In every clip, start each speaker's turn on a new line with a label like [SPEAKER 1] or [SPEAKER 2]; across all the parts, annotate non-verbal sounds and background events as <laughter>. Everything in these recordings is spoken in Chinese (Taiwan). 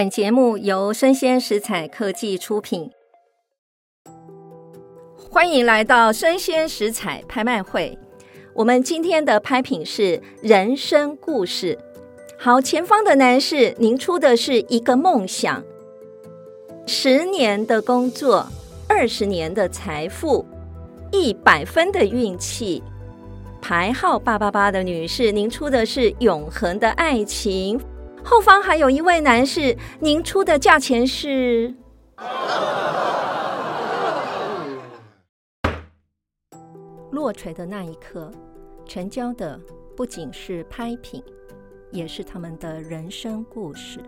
[SPEAKER 1] 本節目由聲鮮時采科技出品。歡迎來到聲鮮時采拍賣會。我們今天的拍品是人生故事。好，前方的男士，您出的是一個夢想。十年的工作，二十年的財富，一百分的運氣。牌號八八八的女士，您出的是永恆的愛情。後方還有一位男士，您出的價錢是。 <laughs> 落槌的那一刻，成交的不僅是拍品，也是他們的人生故事。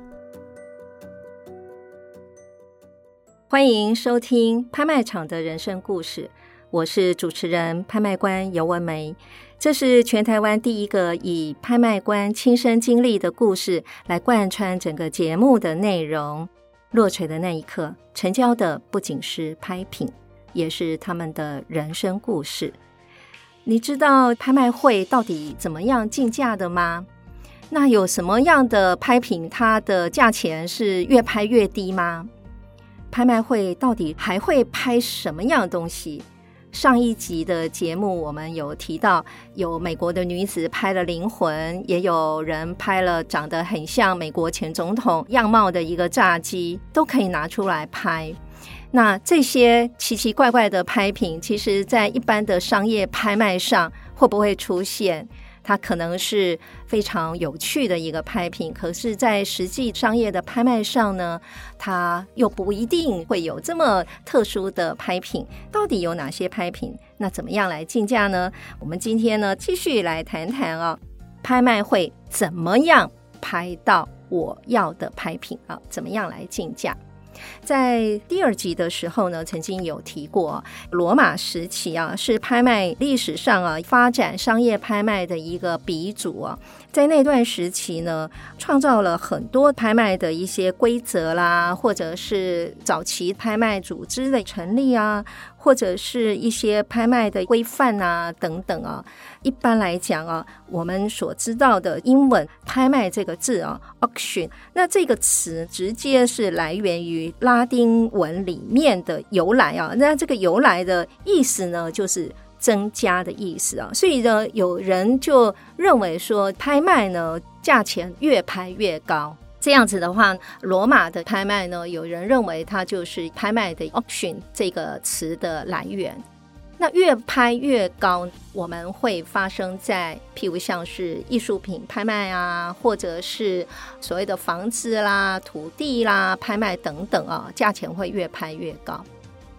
[SPEAKER 1] 歡迎收聽拍賣場的人生故事，我是主持人拍賣官尤文梅。這是全台灣第一個以拍賣官親身經歷的故事來貫穿整個節目的內容。落槌的那一刻，成交的不僅是拍品，也是他們的人生故事。你知道拍賣會到底怎麼樣競價的嗎？那有什麼樣的拍品，它的價錢是越拍越低嗎？拍賣會到底還會拍什麼樣東西？上一集的節目，我們有提到有美國的女子拍了靈魂，也有人拍了長得很像美國前總統樣貌的一個炸雞，都可以拿出來拍。那這些奇奇怪怪的拍品，其實在一般的商業拍賣上會不會出現？它可能是非常有趣的一個拍品，可是，在實際商業的拍賣上呢，它又不一定會有這麼特殊的拍品。到底有哪些拍品？那怎麼樣來競價呢？我們今天呢，繼續來談談啊，拍賣會怎麼樣拍到我要的拍品啊？怎麼樣來競價。在第二集的時候呢，曾經有提過羅馬時期啊，是拍賣歷史上啊發展商業拍賣的一個鼻祖啊。在那段時期呢，創造了很多拍賣的一些規則啦，或者是早期拍賣組織的成立啊，或者是一些拍賣的規範啊等等啊。一般來講啊，我們所知道的英文“拍賣”這個字啊，auction，那這個詞直接是來源於拉丁文裡面的由來啊。那這個由來的意思呢，就是。增加的意思啊，所以呢，有人就認為說，拍賣呢，價錢越拍越高。這樣子的話，羅馬的拍賣呢，有人認為它就是拍賣的 auction 這個詞的來源。那越拍越高，我們會發生在譬如像是藝術品拍賣啊，或者是所謂的房子啦、土地啦拍賣等等啊，價錢會越拍越高。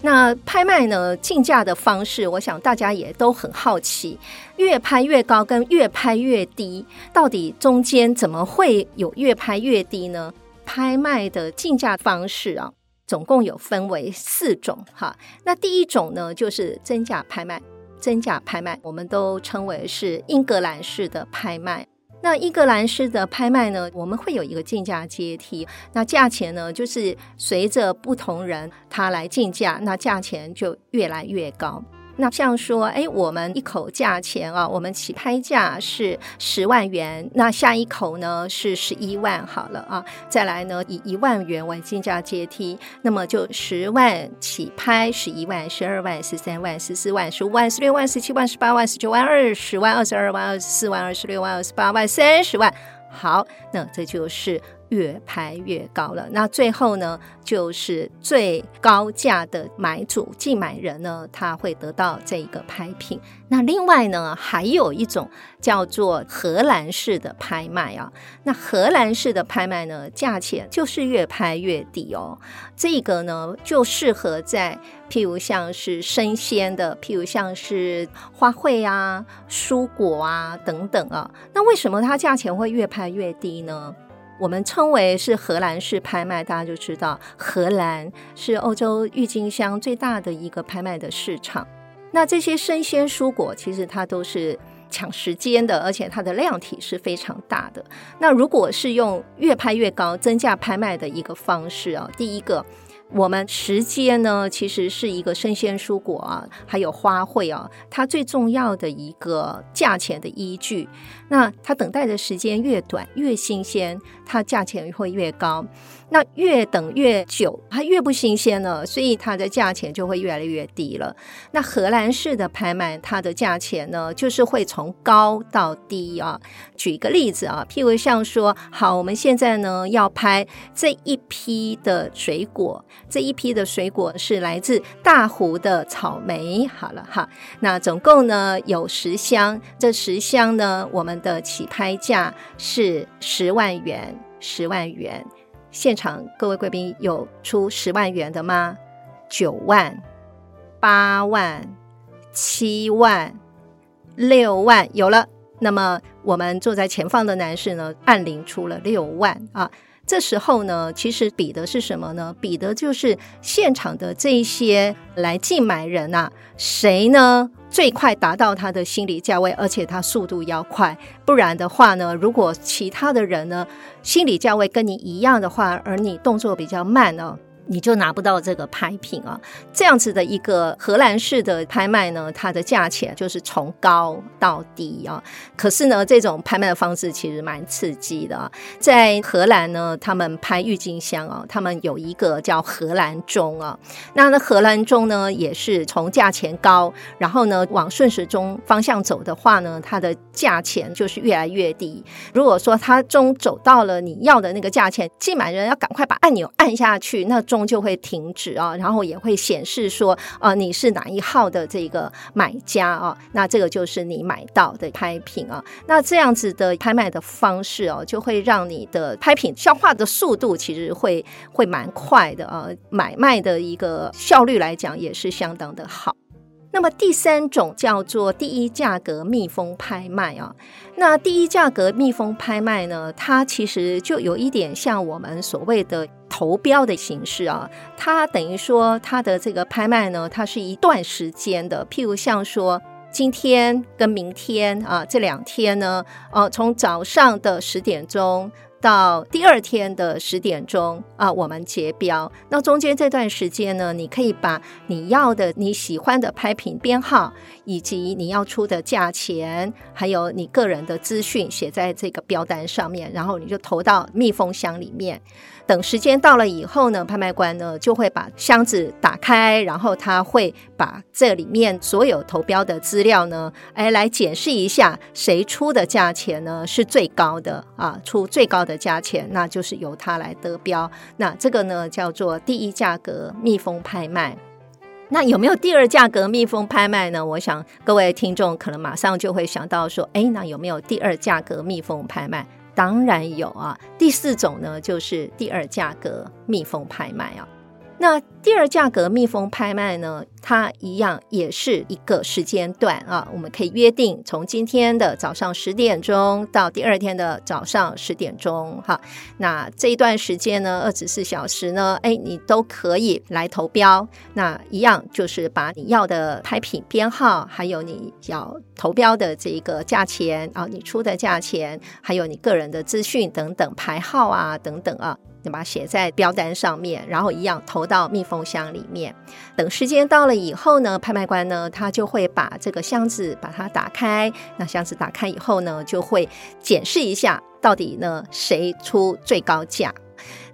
[SPEAKER 1] 那拍賣呢，競價的方式，我想大家也都很好奇，越拍越高跟越拍越低，到底中間怎麼會有越拍越低呢？拍賣的競價方式啊，總共有分為四種哈。那第一種呢，就是增價拍賣，增價拍賣我們都稱為是英格蘭式的拍賣。那英格蘭式的拍賣呢，我們會有一個競價階梯，那價錢呢，就是隨着不同人他來競價，那價錢就越來越高。那像說，哎，我們一口價錢啊，我們起拍價是十萬元，那下一口呢是十一萬，好了啊，再來呢以一萬元為進價階梯，那麼就十萬起拍，十一萬、十二萬、十三萬、十四萬、十五萬、十六萬、十七萬、十八萬、十八萬、十九萬、二十萬、二十二萬、二十四萬、二十六萬、二十八萬、二十八萬、三十萬，好，那這就是。越拍越高了。那最後呢，就是最高價的買主、競買人呢，他會得到這一個拍品。那另外呢，還有一種叫做荷蘭式的拍賣啊。那荷蘭式的拍賣呢，價錢就是越拍越低哦。這個呢，就適合在譬如像是生鮮的，譬如像是花卉啊、蔬果啊等等啊。那為什麼它價錢會越拍越低呢？我們稱為是荷蘭式拍賣，大家就知道荷蘭是歐洲鬱金香最大的一個拍賣的市場。那這些生鮮蔬果其實它都是搶時間的，而且它的量體是非常大的。那如果是用越拍越高、增價拍賣的一個方式啊，第一個。我們時間呢，其實是一個生鮮蔬果啊，還有花卉啊，它最重要的一個價錢的依據。那它等待的時間越短，越新鮮，它價錢會越高。那越等越久，它越不新鮮了，所以它的價錢就會越來越低了。那荷蘭式的拍賣，它的價錢呢，就是會從高到低啊。舉一個例子啊，譬如像說，好，我們現在呢要拍這一批的水果，這一批的水果是來自大湖的草莓，好了哈。那總共呢有十箱，這十箱呢，我們的起拍價是十萬元，十萬元。現場各位貴賓有出十萬元的嗎？九萬、八萬、七萬、六萬，有了。那麼我們坐在前方的男士呢，按鈴出了六萬啊。這時候呢，其實比的是什麼呢？比的就是現場的這一些來競買人吶、啊，誰呢？最快達到他的心理價位，而且他速度要快，不然的話呢，如果其他的人呢，心理價位跟你一樣的話，而你動作比較慢呢。你就拿不到這個拍品啊！這樣子的一個荷蘭式的拍賣呢，它的價錢就是從高到低啊。可是呢，這種拍賣的方式其實蠻刺激的啊。在荷蘭呢，他們拍鬱金香啊，他們有一個叫荷蘭鐘啊。那那荷蘭鐘呢，也是從價錢高，然後呢往順時鐘方向走的話呢，它的價錢就是越來越低。如果說它鐘走到了你要的那個價錢，競買人要趕快把按鈕按下去那。中就會停止啊，然後也會顯示說，啊，呃，你是哪一號的這個買家啊？那這個就是你買到的拍品啊。那這樣子的拍賣的方式哦，就會讓你的拍品消化的速度其實會會蠻快的啊。買賣的一個效率來講，也是相當的好。那麼第三種叫做第一價格密封拍賣啊，那第一價格密封拍賣呢，它其實就有一點像我們所謂的投標的形式啊，它等於說它的這個拍賣呢，它是一段時間的，譬如像說今天跟明天啊，這兩天呢，呃，從早上的十點鐘。到第二天的十點鐘啊，我們結標。那中間這段時間呢，你可以把你要的、你喜歡的拍品編號，以及你要出的價錢，還有你個人的資訊寫在這個標單上面，然後你就投到密封箱裡面。等時間到了以後呢，拍賣官呢就會把箱子打開，然後他會把這裡面所有投標的資料呢，哎，來解釋一下誰出的價錢呢是最高的啊，出最高的價錢，那就是由他來得標。那這個呢叫做第一價格密封拍賣。那有沒有第二價格密封拍賣呢？我想各位聽眾可能馬上就會想到說，哎，那有沒有第二價格密封拍賣？當然有啊，第四種呢，就是第二價格密封拍賣啊。那第二價格密封拍賣呢？它一樣也是一個時間段啊，我們可以約定從今天的早上十點鐘到第二天的早上十點鐘，啊，哈。那這一段時間呢，二十四小時呢，哎，你都可以來投標。那一樣就是把你要的拍品編號，還有你要投標的這個價錢啊，你出的價錢，還有你個人的資訊等等，牌號啊，等等啊。你把它寫在標單上面，然後一樣投到密封箱裡面。等時間到了以後呢，拍賣官呢，他就會把這個箱子把它打開。那箱子打開以後呢，就會檢視一下，到底呢，誰出最高價？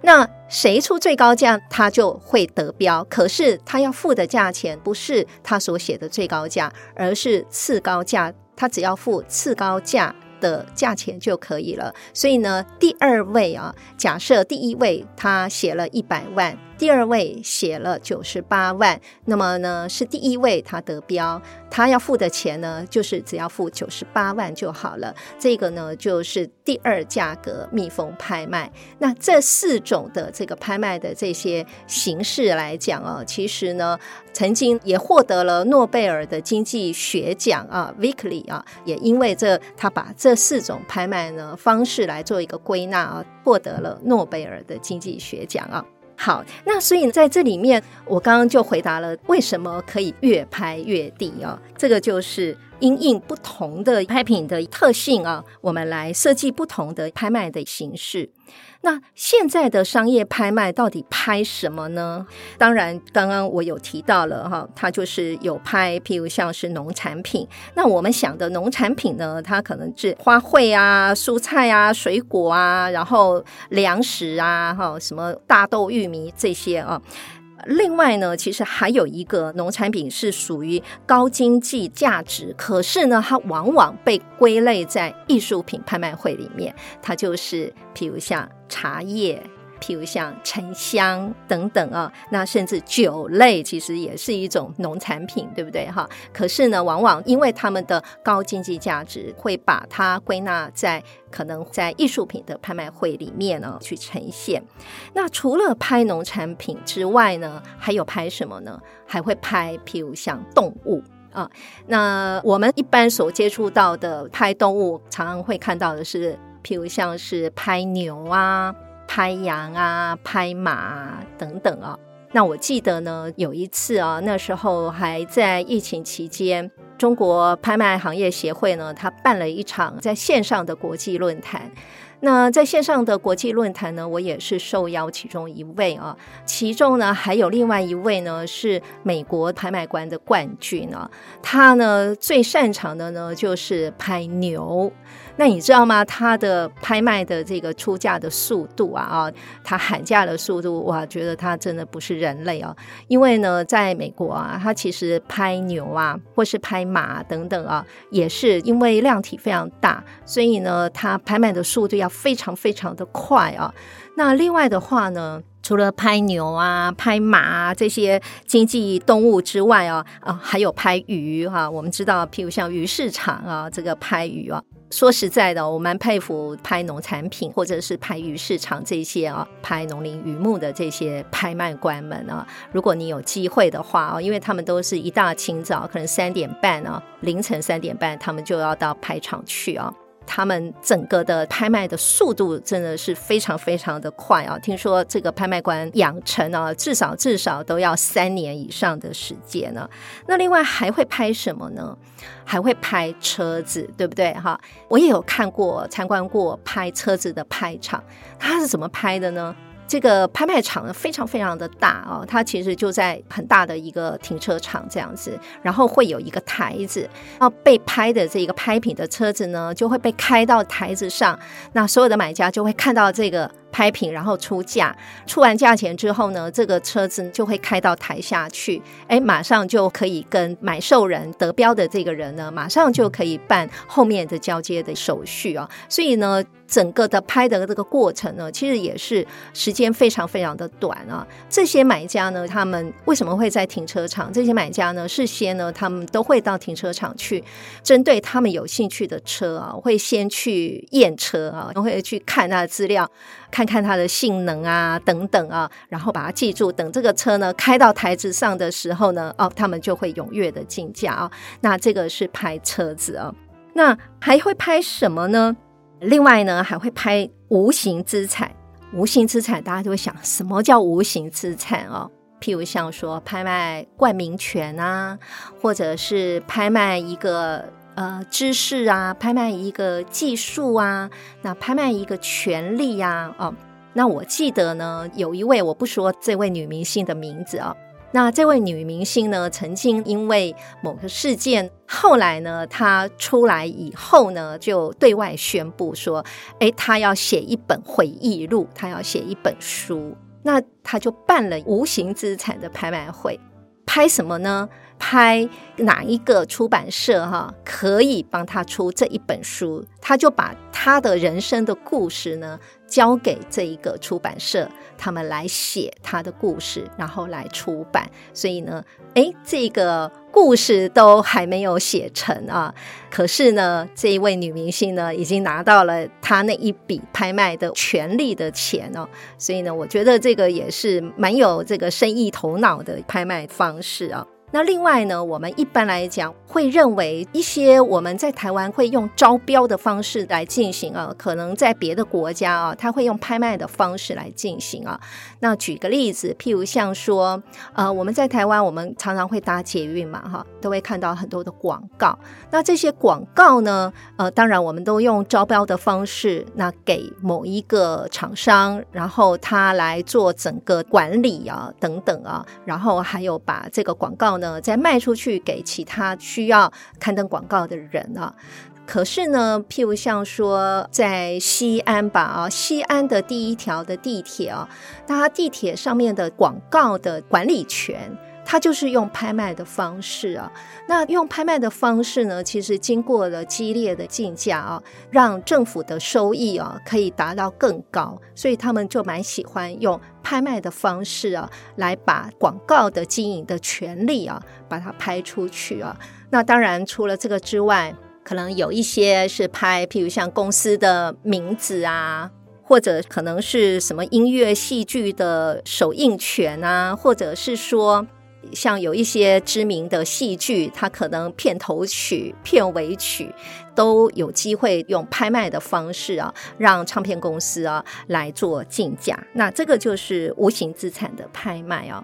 [SPEAKER 1] 那誰出最高價，他就會得標。可是他要付的價錢不是他所寫的最高價，而是次高價。他只要付次高價的價錢就可以了。所以呢，第二位啊，假設第一位他寫了一百萬。第二位寫了九十八萬，那麼呢是第一位他得標，他要付的錢呢就是只要付九十八萬就好了。這個呢就是第二價格密封拍賣。那這四種的這個拍賣的這些形式來講啊，其實呢曾經也獲得了諾貝爾的經濟學獎啊，Vickrey 啊也因為這他把這四種拍賣呢方式來做一個歸納啊，獲得了諾貝爾的經濟學獎啊。好，那所以在這裡面，我剛剛就回答了為什麼可以越拍越低哦，這個就是。因應不同的拍品的特性啊，我們來設計不同的拍賣的形式。那現在的商業拍賣到底拍什麼呢？當然，剛剛我有提到了哈，它就是有拍，譬如像是農產品。那我們想的農產品呢，它可能是花卉啊、蔬菜啊、水果啊，然後糧食啊，哈，什麼大豆、玉米這些啊。另外呢，其實還有一個農產品是屬於高經濟價值，可是呢，它往往被歸類在藝術品拍賣會裡面，它就是譬如像茶葉。譬如像沉香等等啊，那甚至酒類其實也是一種農產品，對不對哈？可是呢，往往因為他們的高經濟價值，會把它歸納在可能在藝術品的拍賣會裡面呢去呈現。那除了拍農產品之外呢，還有拍什麼呢？還會拍譬如像動物啊。那我們一般所接觸到的拍動物，常常會看到的是譬如像是拍牛啊。拍羊啊，拍馬啊、等等啊。那我記得呢，有一次啊，那時候還在疫情期間，中國拍賣行業協會呢，他辦了一場在線上的國際論壇。那在線上的國際論壇呢，我也是受邀其中一位啊。其中呢，還有另外一位呢，是美國拍賣官的冠軍呢、啊。他呢，最擅長的呢，就是拍牛。那你知道嗎？它的拍賣的這個出價的速度啊，啊，它喊價的速度，我覺得它真的不是人類啊。因為呢，在美國啊，它其實拍牛啊，或是拍馬等等啊，也是因為量體非常大，所以呢，它拍賣的速度要非常非常的快啊。那另外的話呢，除了拍牛啊、拍馬啊，這些經濟動物之外啊，啊，還有拍魚哈啊。我們知道，譬如像魚市場啊，這個拍魚啊。說實在的，我蠻佩服拍農產品或者是拍魚市場這些啊，拍農林漁牧的這些拍賣官們啊。如果你有機會的話啊，因為他們都是一大清早，可能三點半啊，凌晨三點半，他們就要到拍場去啊。他們整個的拍賣的速度真的是非常非常的快啊！聽說這個拍賣官養成啊，至少至少都要三年以上的時間呢。那另外還會拍什麼呢？還會拍車子，對不對？哈，我也有看過參觀過拍車子的拍場，它是怎麼拍的呢？這個拍賣場呢，非常非常的大哦，它其實就在很大的一個停車場這樣子，然後會有一個檯子，然後被拍的這一個拍品的車子呢，就會被開到檯子上，那所有的買家就會看到這個。拍品，然後出價，出完價錢之後呢，這個車子就會開到台下去，哎，馬上就可以跟買受人得標的這個人呢，馬上就可以辦後面的交接的手續啊。所以呢，整個的拍的這個過程呢，其實也是時間非常非常的短啊。這些買家呢，他們為什麼會在停車場？這些買家呢，事先呢，他們都會到停車場去，針對他們有興趣的車啊，會先去驗車啊，會去看那的資料。看看它的性能啊，等等啊，然後把它記住。等這個車呢開到台子上的時候呢，哦，他們就會踴躍的競價啊、哦。那這個是拍車子啊、哦，那還會拍什麼呢？另外呢，還會拍無形資產。無形資產，大家就會想，什麼叫無形資產哦？譬如像說拍賣冠名權啊，或者是拍賣一個。呃，知識啊，拍賣一個技術啊，那拍賣一個權利呀，哦，那我記得呢，有一位我不說這位女明星的名字哦，那這位女明星呢，曾經因為某個事件，後來呢，她出來以後呢，就對外宣布說，哎，她要寫一本回憶錄，她要寫一本書，那她就辦了無形資產的拍賣會。拍什麼呢？拍哪一個出版社哈，啊，可以幫他出這一本書，他就把他的人生的故事呢，交給這一個出版社，他們來寫他的故事，然後來出版。所以呢，誒，這個。故事都還沒有寫成啊，可是呢，這一位女明星呢，已經拿到了她那一筆拍賣的權利的錢哦，所以呢，我覺得這個也是蠻有這個生意頭腦的拍賣方式啊。那另外呢，我們一般來講會認為一些我們在台灣會用招標的方式來進行啊，可能在別的國家啊，他會用拍賣的方式來進行啊。那舉個例子，譬如像說，呃，我們在台灣我們常常會搭捷運嘛，哈，都會看到很多的廣告。那這些廣告呢，呃，當然我們都用招標的方式，那給某一個廠商，然後他來做整個管理啊，等等啊，然後還有把這個廣告。呢再賣出去給其他需要刊登廣告的人啊。可是呢，譬如像說，在西安吧，啊，西安的第一條的地鐵啊，它地鐵上面的廣告的管理權。他就是用拍賣的方式啊，那用拍賣的方式呢，其實經過了激烈的競價啊，讓政府的收益啊可以達到更高，所以他們就蠻喜歡用拍賣的方式啊，來把廣告的經營的權利啊，把它拍出去啊。那當然除了這個之外，可能有一些是拍，譬如像公司的名字啊，或者可能是什麼音樂、戲劇的首映權啊，或者是說。像有一些知名的戲劇，它可能片頭曲、片尾曲都有機會用拍賣的方式啊，讓唱片公司啊來做競價。那這個就是無形資產的拍賣哦。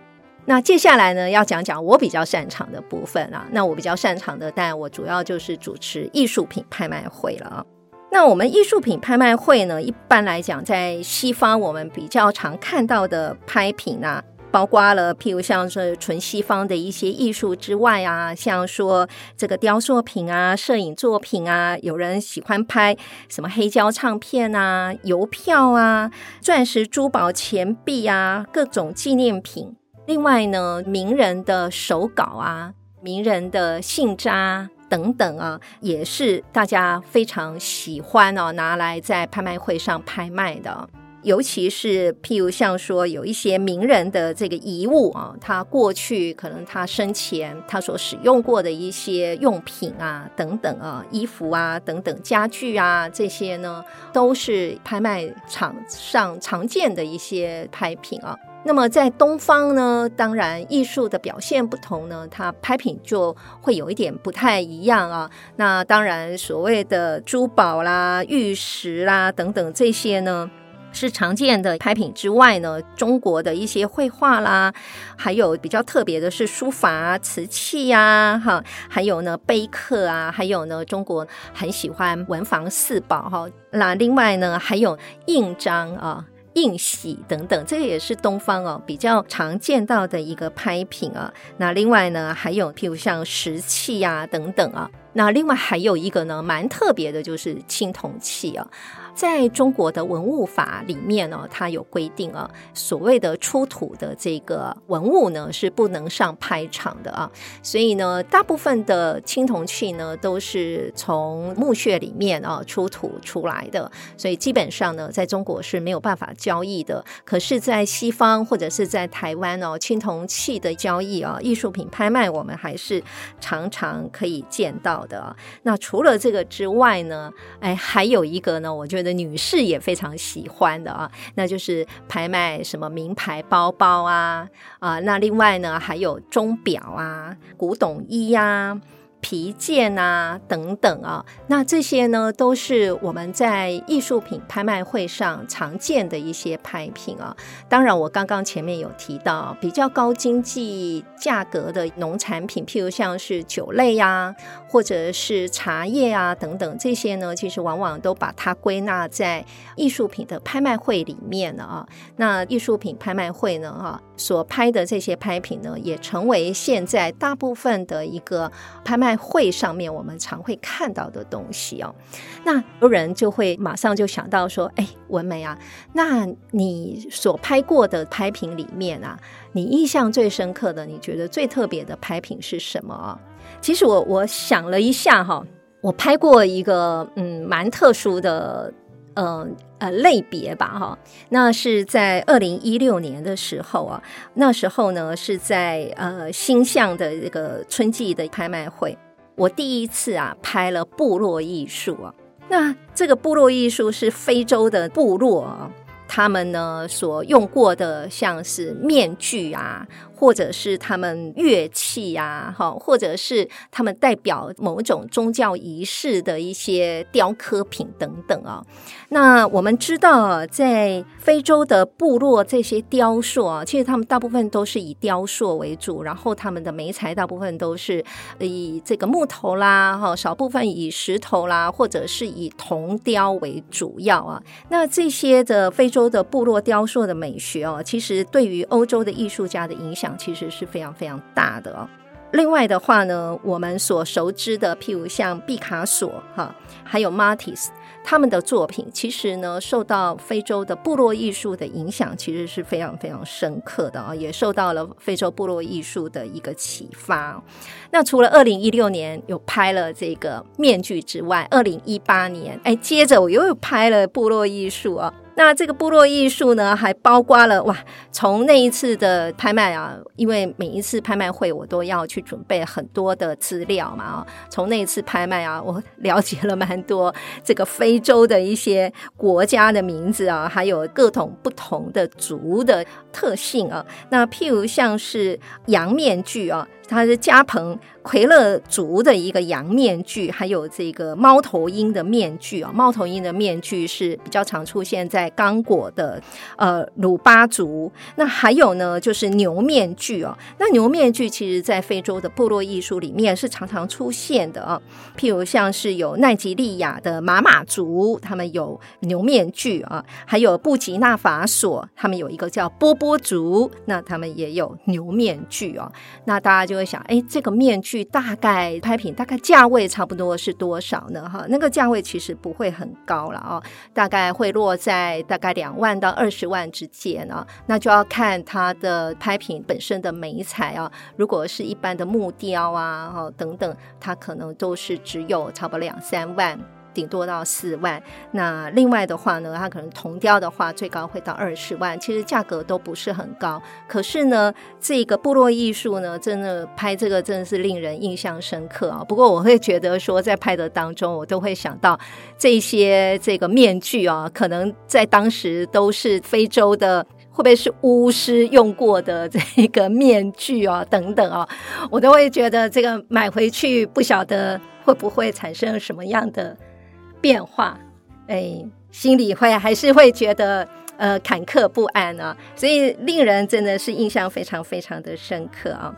[SPEAKER 1] 那接下來呢，要講講我比較擅長的部分啦、啊。那我比較擅長的，但我主要就是主持藝術品拍賣會了啊。那我們藝術品拍賣會呢，一般來講，在西方我們比較常看到的拍品啊。包括了，譬如像是純西方的一些藝術之外啊，像說這個雕塑品啊、攝影作品啊，有人喜歡拍什麼黑膠唱片啊、郵票啊、鑽石、珠寶、錢幣啊，各種紀念品。另外呢，名人的手稿啊、名人的信札、等等啊，也是大家非常喜歡哦，拿來在拍賣會上拍賣的。尤其是譬如像說有一些名人的這個遺物啊，他過去可能他生前他所使用過的一些用品啊等等啊，衣服啊等等家具啊這些呢，都是拍賣場上常見的一些拍品啊。那麼在東方呢，當然藝術的表現不同呢，它拍品就會有一點不太一樣啊。那當然所謂的珠寶啦、玉石啦等等這些呢。是常見的拍品之外呢，中國的一些繪畫啦，還有比較特別的是書法啊、瓷器呀，哈，還有呢碑刻啊，還有呢，還有呢中國很喜歡文房四寶哈。那另外呢還有印章啊、印璽等等，這個也是東方啊比較常見到的一個拍品啊。那另外呢還有，譬如像石器啊等等啊。那另外還有一個呢蠻特別的就是青銅器啊。在中國的文物法裡面呢哦，它有規定啊，所謂的出土的這個文物呢是不能上拍場的啊，所以呢，大部分的青銅器呢都是從墓穴裡面啊出土出來的，所以基本上呢，在中國是沒有辦法交易的。可是，在西方或者是在台灣哦，青銅器的交易啊，藝術品拍賣，我們還是常常可以見到的啊。那除了這個之外呢，哎，還有一個呢，我覺得。的女士也非常喜歡的啊，那就是拍賣什麼名牌包包啊啊，呃，那另外呢還有鐘錶啊，古董衣呀，啊。皮件吶、啊、等等啊，那這些呢，都是我們在藝術品拍賣會上常見的一些拍品啊。當然，我剛剛前面有提到比較高經濟價格的農產品，譬如像是酒類呀、啊，或者是茶葉啊等等，這些呢，其實往往都把它歸納在藝術品的拍賣會裡面了啊。那藝術品拍賣會呢，啊，所拍的這些拍品呢，也成為現在大部分的一個拍賣會上面我們常會看到的東西哦，那有人就會馬上就想到說，哎，文梅啊，那你所拍過的拍品裡面啊，你印象最深刻的，你覺得最特別的拍品是什麼哦？其實我我想了一下哈哦，我拍過一個嗯蠻特殊的呃呃類別吧哈哦，那是在二零一六年的時候啊，那時候呢是在呃星象的這個春季的拍賣會。我第一次啊拍了部落藝術啊，那這個部落藝術是非洲的部落啊，他們呢所用過的像是面具啊。或者是他們樂器啊，哈，或者是他們代表某種宗教儀式的一些雕刻品等等啊。那我們知道，在非洲的部落這些雕塑啊，其實他們大部分都是以雕塑為主，然後他們的媒材大部分都是以這個木頭啦，哈，少部分以石頭啦，或者是以銅雕為主要啊。那這些的非洲的部落雕塑的美學哦、啊，其實對於歐洲的藝術家的影響。其實是非常非常大的哦。另外的話呢，我們所熟知的，譬如像畢卡索哈、啊，還有 Matisse 他們的作品，其實呢，受到非洲的部落藝術的影響，其實是非常非常深刻的啊，也受到了非洲部落藝術的一個啟發。那除了二零一六年有拍了這個面具之外，二零一八年哎，接着我又拍了部落藝術啊。那這個部落藝術呢，還包括了哇，從那一次的拍賣啊，因為每一次拍賣會我都要去準備很多的資料嘛，哦，從那一次拍賣啊，我了解了蠻多這個非洲的一些國家的名字啊，還有各種不同的族的特性啊，那譬如像是羊面具啊。它是加蓬奎勒族的一個羊面具，還有這個貓頭鷹的面具啊、哦。貓頭鷹的面具是比較常出現在剛果的呃魯巴族。那還有呢，就是牛面具哦。那牛面具其實在非洲的部落藝術裡面是常常出現的啊、哦。譬如像是有奈及利亞的瑪瑪族，他們有牛面具啊。還有布吉納法索，他們有一個叫波波族，那他們也有牛面具哦。那大家就。會想，哎，這個面具大概拍品大概價位差不多是多少呢？哈，那個價位其實不會很高了啊，大概會落在大概兩萬到二十萬之間啊。那就要看它的拍品本身的媒材啊，如果是一般的木雕啊，哈等等，它可能都是只有差不多兩三萬。頂多到四萬，那另外的話呢，它可能銅雕的話最高會到二十萬，其實價格都不是很高。可是呢，這個部落藝術呢，真的拍這個真的是令人印象深刻啊。不過我會覺得說，在拍的當中，我都會想到這些這個面具啊，可能在當時都是非洲的，會不會是巫師用過的這一個面具啊，等等啊，我都會覺得這個買回去不曉得會不會產生什麼樣的。變化，哎，心裡會還是會覺得呃坎坷不安啊，所以令人真的是印象非常非常的深刻啊。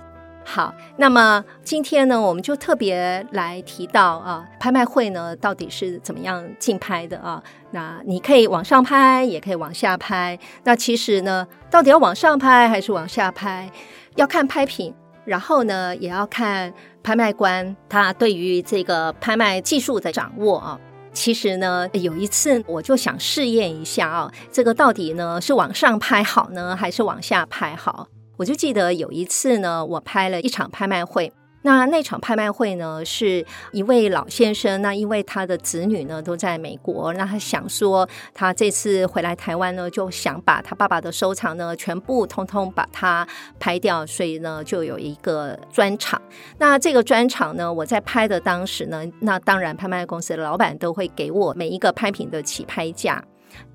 [SPEAKER 1] 好，那麼今天呢，我們就特別來提到啊，拍賣會呢到底是怎麼樣競拍的啊？那你可以往上拍，也可以往下拍。那其實呢，到底要往上拍還是往下拍，要看拍品，然後呢，也要看拍賣官他對於這個拍賣技術的掌握啊。其實呢，有一次我就想試驗一下啊，這個到底呢是往上拍好呢，還是往下拍好？我就記得有一次呢，我拍了一場拍賣會。那那場拍賣會呢，是一位老先生。那因為他的子女呢都在美國，那他想說，他這次回來台灣呢，就想把他爸爸的收藏呢全部通通把它拍掉，所以呢就有一個專場。那這個專場呢，我在拍的當時呢，那當然拍賣公司的老闆都會給我每一個拍品的起拍價。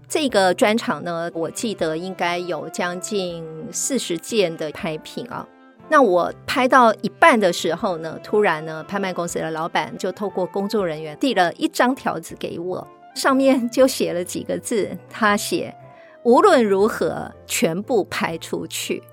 [SPEAKER 1] 這個專場呢，我記得應該有將近四十件的拍品啊、哦。那我拍到一半的時候呢，突然呢，拍賣公司的老闆就透過工作人員遞了一張條子給我，上面就寫了幾個字，他寫：無論如何，全部拍出去。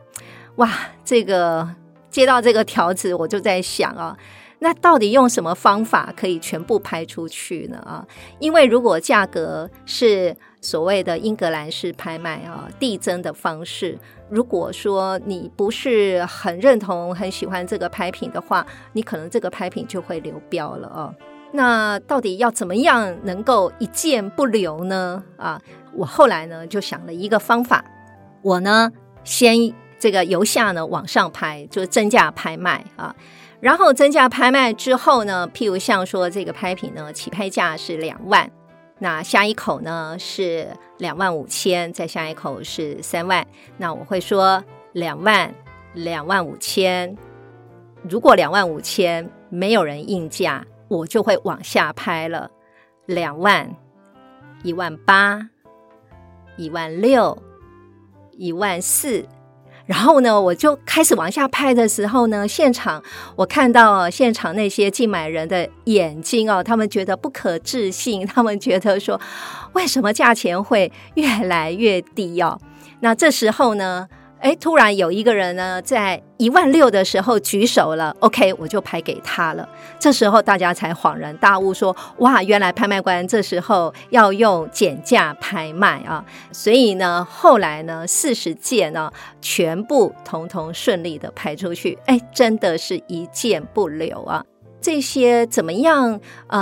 [SPEAKER 1] 哇，這個接到這個條子，我就在想啊，那到底用什麼方法可以全部拍出去呢？啊，因為如果價格是。所謂的英格蘭式拍賣啊，遞增的方式，如果說你不是很認同、很喜歡這個拍品的話，你可能這個拍品就會流標了哦、啊。那到底要怎麼樣能夠一件不留呢？啊，我後來呢就想了一個方法，我呢先這個由下呢往上拍，就是增價拍賣啊。然後增價拍賣之後呢，譬如像說這個拍品呢起拍價是兩萬。那下一口呢是兩萬五千，再下一口是三萬。那我會說兩萬、兩萬五千。如果兩萬五千沒有人應價，我就會往下拍了。兩萬、一萬八、一萬六、一萬四。然後呢，我就開始往下拍的時候呢，現場我看到現場那些競買人的眼睛哦，他們覺得不可置信，他們覺得說，為什麼價錢會越來越低哦？那這時候呢？哎，突然有一個人呢，在一萬六的時候舉手了，OK，我就拍給他了。這時候大家才恍然大悟，說：“哇，原來拍賣官這時候要用減價拍賣啊！”所以呢，後來呢，四十件呢，全部統統順利的拍出去。哎，真的是一件不留啊！這些怎麼樣啊？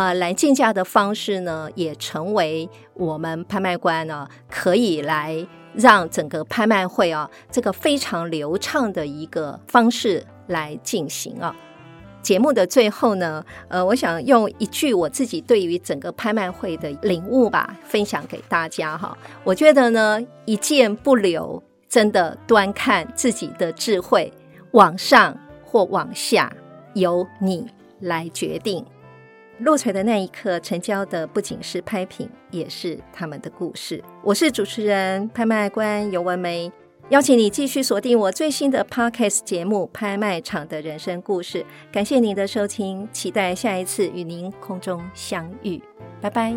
[SPEAKER 1] 呃，來競價的方式呢，也成為我們拍賣官呢，啊，可以來。讓整個拍賣會啊、哦，這個非常流暢的一個方式來進行啊、哦。節目的最後呢，呃，我想用一句我自己對於整個拍賣會的領悟吧，分享給大家哈、哦。我覺得呢，一件不留，真的端看自己的智慧，往上或往下，由你來決定。落槌的那一刻，成交的不僅是拍品，也是他們的故事。我是主持人、拍賣官尤文梅，邀請你繼續鎖定我最新的 Podcast 節目《拍賣場的人生故事》。感謝您的收聽，期待下一次與您空中相遇。拜拜。